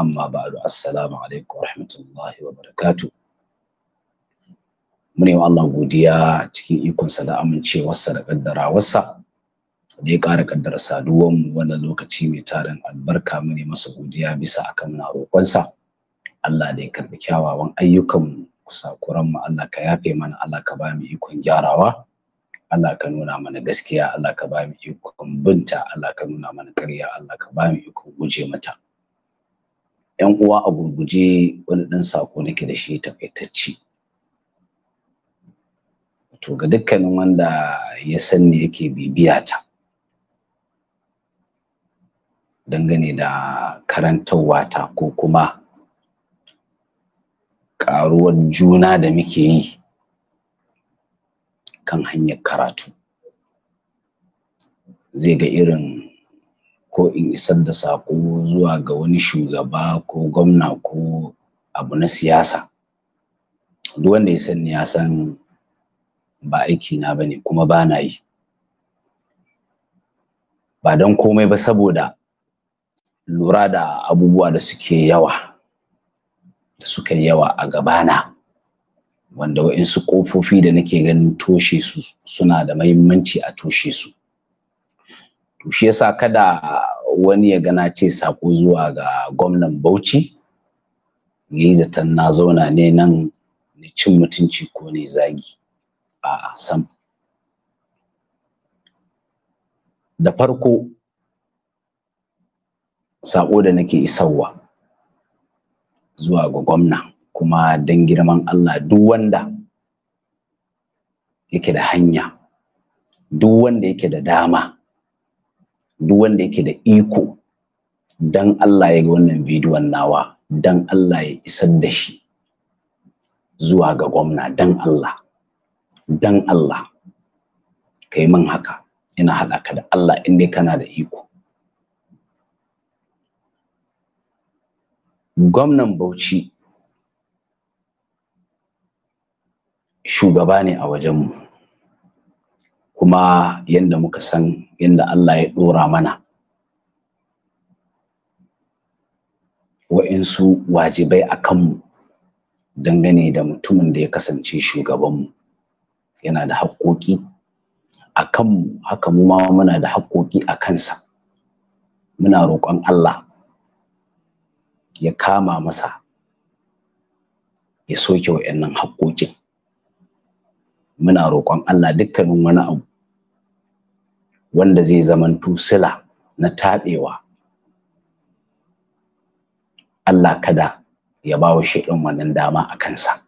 amma ba'du assalamu alaikum wa barakatu muni wa Allah godiya cikin ikonsa da amincewarsa da wasa. da ya ƙara kaddara saduwar mu wannan lokaci mai tarin albarka mune masa godiya bisa akan na roƙonsa Allah da ya karbi kyawawan ayyukan mu kusakuran mu Allah ka yafe mana Allah ka ba mu ikon gyarawa Allah ka nuna mana gaskiya Allah ka ba mu ikon binta Allah ka nuna mana ƙarya Allah ka ba mu ikon guje mata 'yan uwa a gurguje wani ɗan sako nake da shi takaitacce to ga dukkanin wanda ya san ne yake bibiya ta dangane da karantarwa ta ko kuma ƙaruwar juna da muke yi kan hanyar karatu zai ga irin ko in isar da saƙo zuwa ga wani shugaba ko gwamna ko abu na siyasa duk wanda ya san ya san ba aiki na bane kuma ba na yi ba don komai ba saboda lura da abubuwa da suke yawa da suka yawa a gabana wanda wa'insu ƙofofi da nake ganin toshe su suna da mahimmanci a toshe su shi yasa kada wani ya gana ce sako zuwa ga gwamnan bauchi ya yi zaton na zauna ne nan ni cin mutunci ko ne zagi a sam da farko saƙo da nake isarwa zuwa ga gwamna kuma don girman allah duk wanda yake da hanya duk wanda yake da dama duk wanda yake da iko dan Allah ya ga wannan bidiyon nawa dan Allah ya isar da shi zuwa ga gwamna dan Allah dan Allah kai min haka ina haɗa ka da Allah in kana da iko gwamnan Bauchi shugaba ne a wajenmu kuma yadda muka san yadda Allah ya ɗora mana wa'insu wajibai a kanmu dangane da mutumin da ya kasance shugabanmu yana da haƙoƙi a kanmu haka mu ma muna da haƙƙoƙi a kansa muna roƙon Allah ya kama masa ya soke wa'annan haƙƙoƙin muna roƙon Allah dukkanin wani abu wanda zai zaman sila na taɓewa Allah kada ya ba wa shaidan wannan dama a kansa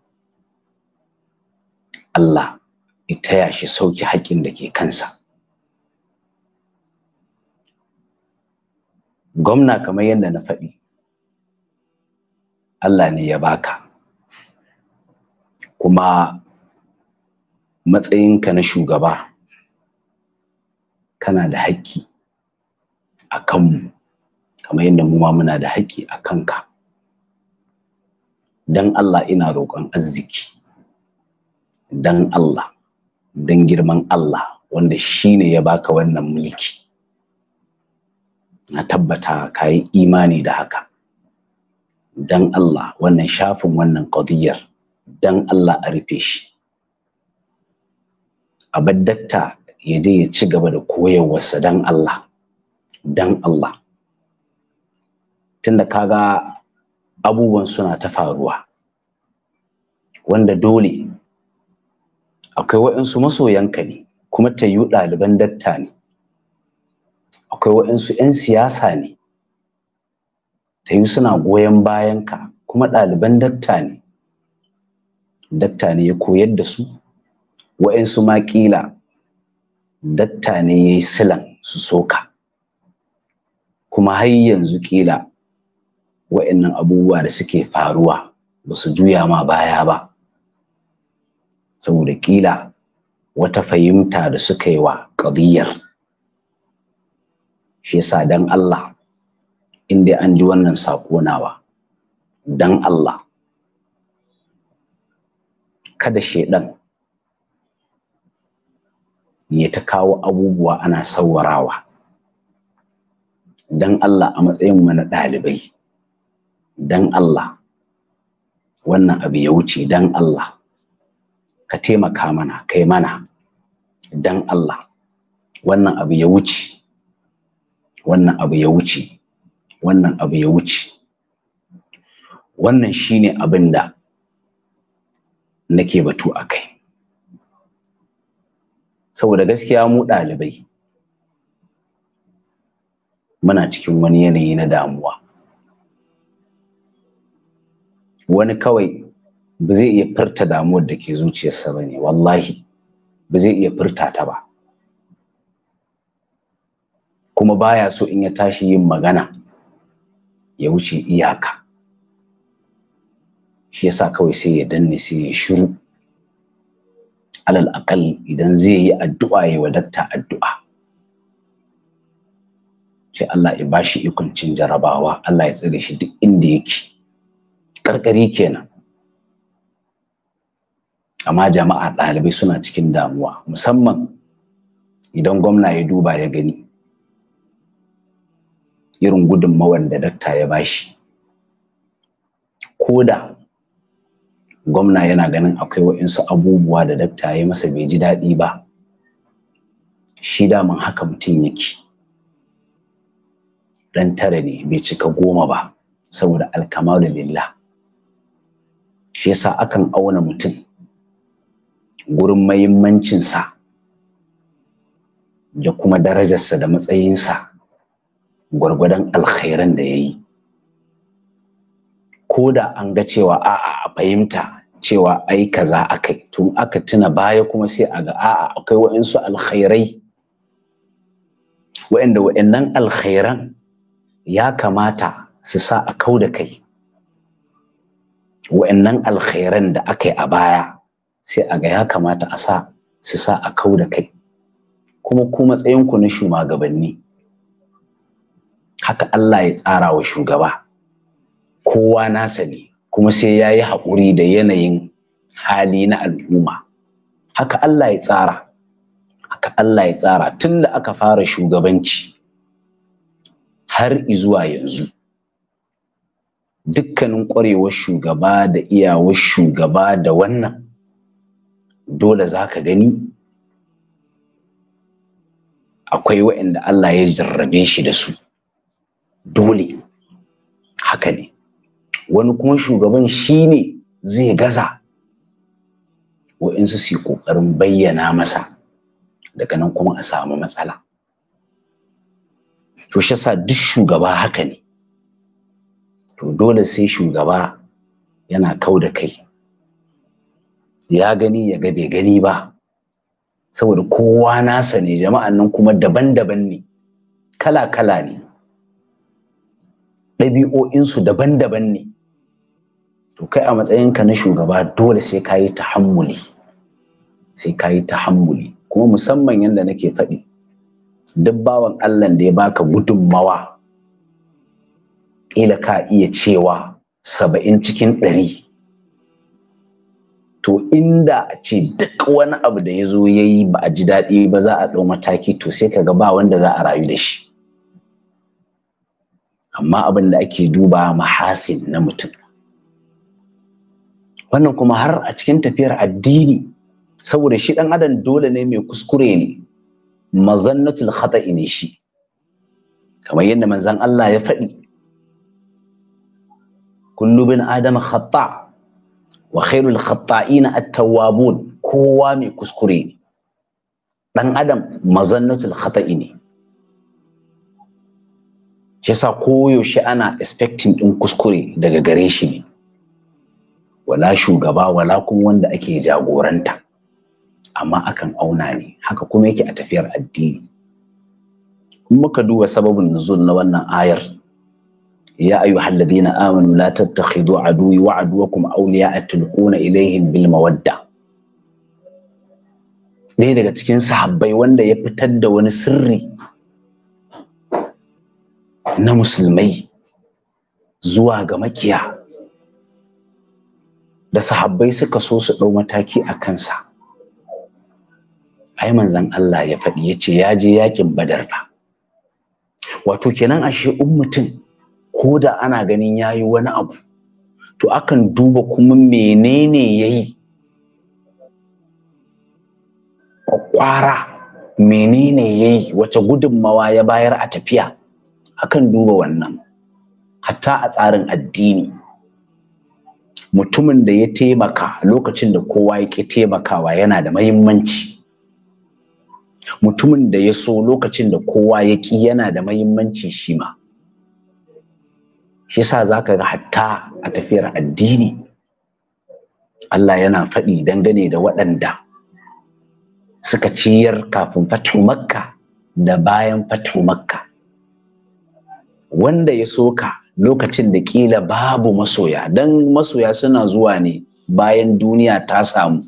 Allah ya taya shi sauki haƙƙin da ke kansa gwamna kamar yadda na faɗi Allah ne ya baka kuma matsayinka na shugaba kana da haƙƙi a kanmu kamar yadda mu ma muna da haƙƙi a kanka dan Allah ina roƙon arziki dan Allah don girman Allah wanda shi ne ya baka wannan mulki na tabbata ka yi imani da haka dan Allah wannan shafin wannan ƙadiyar dan Allah a rufe shi a baddatta ya je ya ci gaba da koyarwarsa dan Allah dan Allah tunda kaga abubuwan suna ta faruwa wanda dole akwai waɗansu masoyanka ne kuma ta yi ɗaliban datta ne akwai waɗansu 'yan siyasa ne ta yi suna goyon bayanka kuma ɗaliban datta ne datta ne ya koyar da su waɗansu maƙila datta ne ya yi silan su soka kuma har yanzu kila wa'annan abubuwa da suke faruwa ba su juya ma baya ba saboda kila wata fahimta da suka yi wa ƙadiyar shi yasa dan Allah inda an ji wannan saƙo dan Allah kada shaidan ya ta kawo abubuwa ana sawarawa dan Allah a matsayin mu na ɗalibai dan Allah wannan abu ya wuce dan Allah ka taimaka mana kai mana dan Allah wannan abu ya wuce wannan abu ya wuce wannan abu ya wuce wannan shine abin da nake batu a kai saboda gaskiya mu ɗalibai muna cikin wani yanayi na damuwa wani kawai ba zai iya furta damuwar da ke zuciyarsa ba ne wallahi ba zai iya furta ta ba kuma baya so in ya tashi yin magana ya wuce iyaka shi yasa kawai sai ya danne sai ya shiru alal akal idan zai yi addu'a ya wadatta addu'a sai Allah ya bashi ikon cin jarabawa Allah ya tsare shi duk inda yake karkari kenan amma jama'a ɗalibai suna cikin damuwa musamman idan gwamna ya duba ya gani irin gudunmawar da dakta ya bashi ko da gwamna yana ganin akwai wa'insu abubuwa da dakta ya masa bai ji daɗi ba shi daman haka mutum yake ɗan tara ne bai cika goma ba saboda alkamalu lillah shi yasa akan auna mutum gurin mahimmancinsa da kuma darajarsa da matsayinsa gwargwadon alkhairan da ya yi ko da an ga cewa a'a a fahimta cewa ai kaza akai tun aka tuna baya kuma sai a ga a'a akwai wa'insu alkhairai wa'inda wa'innan alkhairan ya kamata su sa a kau da kai wa'innan alkhairan da aka yi a baya sai a ga ya kamata a sa su sa a kau da kai kuma ku matsayinku na shugabanni haka Allah ya tsara wa shugaba kowa nasa ne kuma sai ya yi haƙuri da yanayin hali na al'umma haka Allah ya tsara haka Allah ya tsara tun da aka fara shugabanci har izuwa yanzu dukkanin ƙwarewar shugaba da iyawar shugaba da wannan dole za ka gani akwai waɗanda Allah ya jarrabe shi da su dole wani kuma shugaban shi ne zai gaza wa'insu su yi ƙoƙarin bayyana masa daga nan kuma a samu matsala to shi sa duk shugaba haka ne to dole sai shugaba yana kau da kai ya gani ya ga bai gani ba saboda kowa nasa ne jama'an nan kuma daban-daban ne kala-kala ne ɗabi'o'insu daban-daban ne to kai a matsayinka na shugaba dole sai ka yi tahammuli sai ka yi tahammuli kuma musamman yadda nake faɗi duk bawan Allah da ya baka gudunmawa ƙila ka iya cewa saba'in cikin ɗari to inda a ce duk wani abu da ya zo ya yi ba a ji daɗi ba za a ɗau mataki to sai ka ga ba wanda za a rayu da shi amma abin da ake duba mahasin na mutum wannan kuma har a cikin tafiyar addini saboda shi ɗan adam dole ne mai kuskure ne mazannatul khata'i ne shi kamar yadda manzan Allah ya faɗi kullu bin adam khata wa khairul khata'ina at-tawwabun kowa mai kuskure ne ɗan adam mazannatul khata'i ne shi yasa koyaushe ana expecting ɗin kuskure daga gare shi ne wala shugaba wala kuma wanda ake jagoranta amma akan auna ne haka kuma yake a tafiyar addini in muka duba sababin nuzul na wannan ayar ya ayu halladina amanu la tattakhidhu aduwi wa aduwakum awliya tulquna ilaihim bil mawadda ɗaya daga cikin sahabbai wanda ya fitar da wani sirri na musulmai zuwa ga makiya da sahabbai suka so su ɗau mataki a kansa ai manzon Allah ya faɗi yace ce ya je yakin badar fa wato kenan ashe in mutum ko da ana ganin ya yi wani abu to akan duba kuma menene yayi yi menene yayi yi wace gudunmawa ya bayar a tafiya akan duba wannan hatta a tsarin addini mutumin da ya taimaka lokacin da kowa ya ƙi taimakawa yana da mahimmanci mutumin da ya so lokacin da kowa ya ƙi yana da mahimmanci shi ma shi yasa za ka ga hatta a tafiyar addini Allah yana faɗi dangane da waɗanda suka ciyar kafin fatu makka da bayan fatu makka wanda ya soka. lokacin da kila babu masoya don masoya suna zuwa ne bayan duniya ta samu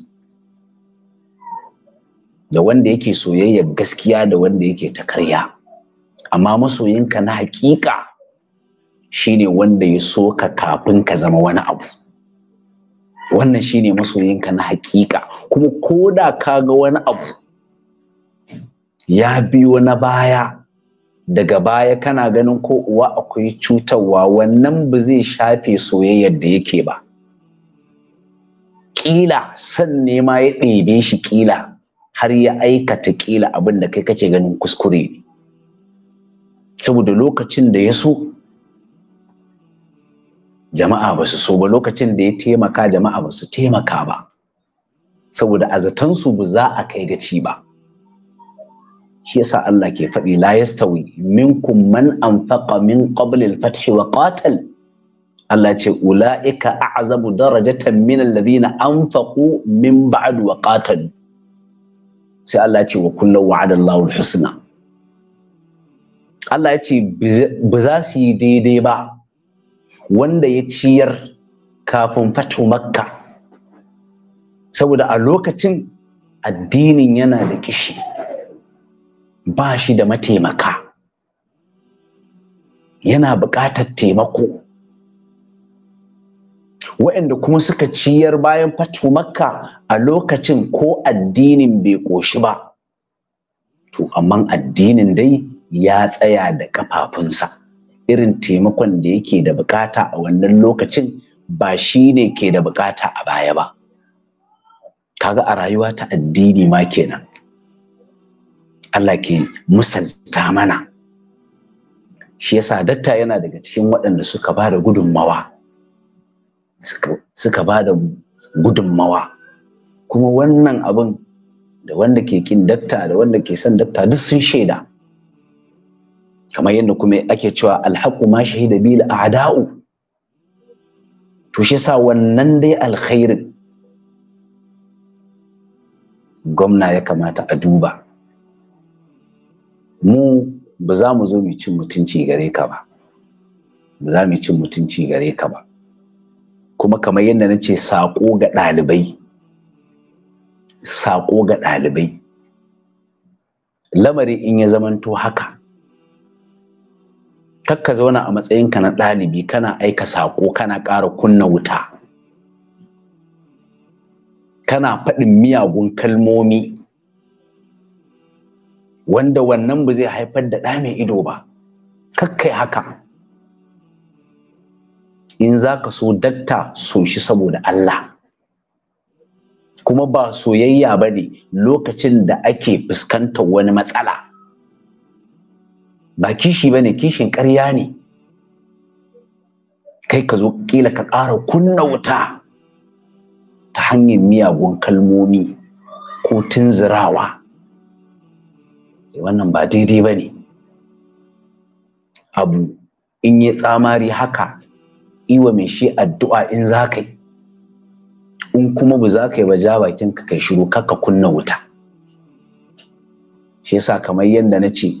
da wanda yake soyayya gaskiya da wanda yake ta karya amma masoyinka na hakika shine wanda ya so ka kafin ka zama wani abu wannan shine masoyinka na hakika kuma ko da ka ga wani abu ya biyo na baya daga baya kana ganin ko uwa akwai cutarwa wannan ba zai shafe soyayyar da yake ba ƙila san ne ma ya ɗebe shi ƙila har ya aikata ƙila abin da kai kake ganin kuskure ne saboda lokacin da ya so jama'a ba su so ba lokacin da ya taimaka jama'a ba su taimaka ba saboda a zatansu ba za a kai gaci ba shi yasa Allah ke faɗi la yastawi minkum man anfaqa min qabl al-fath wa qatal Allah ce ula'ika a'zamu darajatan min alladhina anfaqu min ba'd wa qatal sai Allah ce wa kullu wa'ada Allahu al-husna Allah ya ce ba za su yi daidai ba wanda ya ciyar kafin fato makka saboda a lokacin addinin yana da kishi ba shi da mataimaka yana buƙatar taimako waɗanda kuma suka ciyar bayan fatu makka a lokacin ko addinin bai ƙoshi ba to amma addinin dai ya tsaya da ƙafafunsa irin taimakon da yake da buƙata a wannan lokacin ba shi ne ke da buƙata a baya ba kaga a rayuwa ta addini ma kenan Allah ke musalta mana shi yasa datta yana daga cikin waɗanda suka ba da gudunmawa suka ba gudunmawa kuma wannan abin da wanda ke kin datta da wanda ke son datta duk sun shaida kamar yadda kuma ake cewa alhaku ma shahida bil a'da'u to shi yasa wannan dai alkhairin gwamna ya kamata a duba mu ba za mu zo mu cin mutunci gare ka ba ba za mu cin mutunci gare ka ba kuma kamar yadda na ce saƙo ga ɗalibai saƙo ga ɗalibai lamari in ya zamanto haka kakka zauna a matsayinka na ɗalibi kana aika saƙo kana ƙara kunna wuta kana faɗin miyagun kalmomi wanda wannan ba zai haifar da ɗa mai ido ba kakkai haka in za ka so dakta so shi saboda Allah kuma ba soyayya ba ne lokacin da ake fuskantar wani matsala ba kishi ba ne kishin ƙarya ne kai ka zo ƙila ka ƙara kunna wuta ta hanyar miyagun kalmomi ko tunzirawa Eh, wannan ba daidai ba ne abu in yi tsamari haka iwa mai shi addu'a in za ka yi in kuma ba za ka yi ba ja bakin ka kai shiru kakka kunna wuta shi yasa kamar yadda na ce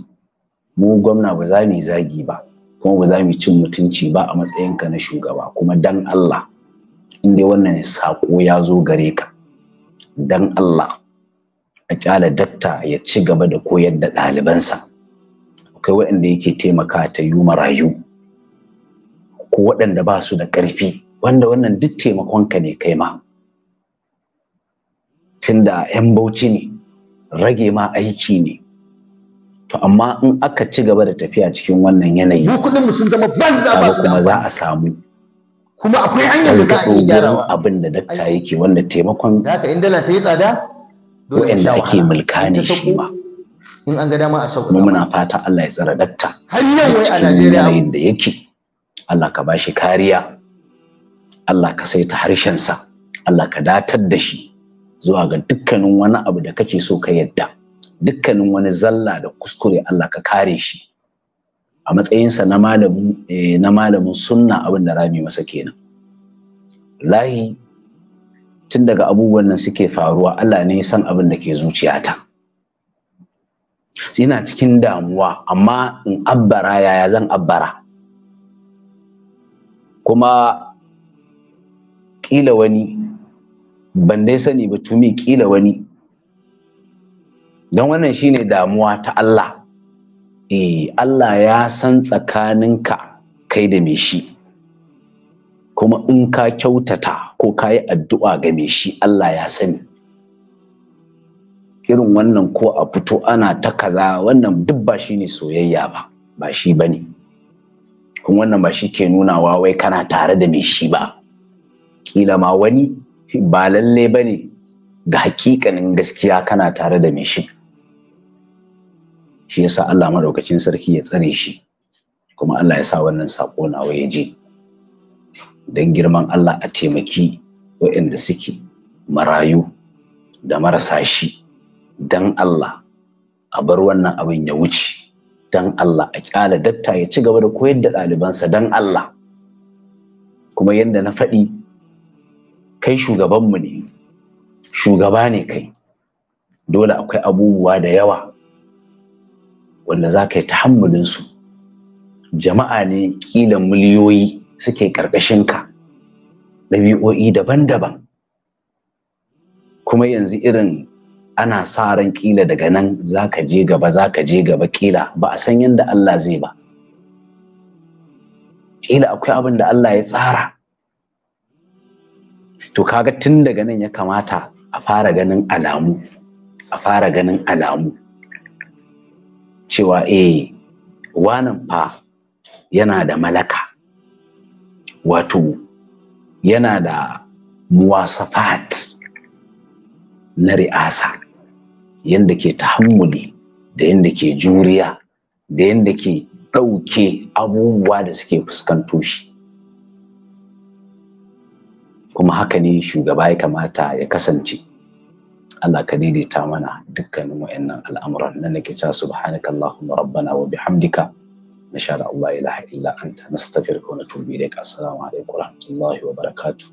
mu gwamna ba za mu yi zagi ba kuma ba za mu cin mutunci ba a matsayinka na shugaba kuma dan Allah in dai wannan sako ya zo gare ka dan Allah a kyala dakta ya ci gaba da koyar da ɗalibansa akwai waɗanda yake taimaka ta yi marayu ko waɗanda ba su da ƙarfi wanda wannan duk taimakonka ne kai ma tunda 'yan bauchi ne rage ma aiki ne to amma in aka ci gaba da tafiya cikin wannan yanayi kuɗin sun zama banza kuma za a samu kuma akwai hanyar da a yi abin da dakta yake wanda taimakon haka ta yi tsada wa'anda ake mulka ne shi ma in an ga dama a muna fata Allah ya tsara dakta har yau wai a Najeriya da yake Allah ka bashi kariya Allah ka saita harshensa Allah ka datar da shi zuwa ga dukkanin wani abu da kake so ka yadda dukkanin wani zalla da kuskure Allah ka kare shi a matsayinsa na malamin eh, na malamin sunna abin da rami masa kenan lahi tun daga abubuwan nan suke faruwa Allah ne san abin da ke zuciyata ina cikin damuwa amma in abbara yaya zan abbara kuma ƙila wani ban dai sani ba tumi ƙila wani don wannan shine damuwa ta Allah eh Allah ya san tsakaninka kai da me shi kuma in ka kyautata ko ka yi addu'a ga me shi Allah ya sani irin wannan ko a fito ana ta kaza wannan duk ba shi ne soyayya ba ba shi ba ne kun wannan ba shi ke nunawa wai kana tare da me shi ba kila ma wani ba lalle ba ne ga hakikanin gaskiya kana tare da me shi shi yasa Allah madaukakin sarki ya tsare shi kuma Allah ya sa wannan sako na ya je don girman Allah a taimaki waɗanda suke marayu da marasa shi don Allah a bar wannan abin ya wuce don Allah a ƙyala datta ya ci gaba da koyar da ɗalibansa don Allah kuma yadda na faɗi kai shugabanmu ne shugaba ne kai dole akwai abubuwa da yawa wanda za ka yi tahammulinsu jama'a ne ƙila miliyoyi suke ƙarƙashinka ɗabi'o'i daban-daban kuma yanzu irin ana sa ran ƙila daga nan za ka je gaba za ka je gaba ƙila. ba a san yadda Allah zai ba Ƙila akwai abin da Allah ya tsara to kaga tun daga nan ya kamata a fara ganin alamu a fara ganin alamu cewa eh wanan fa yana da malaka wato yana da muwasafat na ri'asa yadda ke tahammuli da yadda ke juriya da yadda ke ɗauke abubuwa da suke fuskanto shi kuma haka ne shugaba ya kamata ya kasance Allah ka daidaita mana dukkanin wa'annan al'amuran nan nake ta subhanakallahumma rabbana wa bihamdika na sha Allah ilaha illa anta nastaghfiruka wa natubu ilayk assalamu alaikum wa rahmatullahi wa barakatu.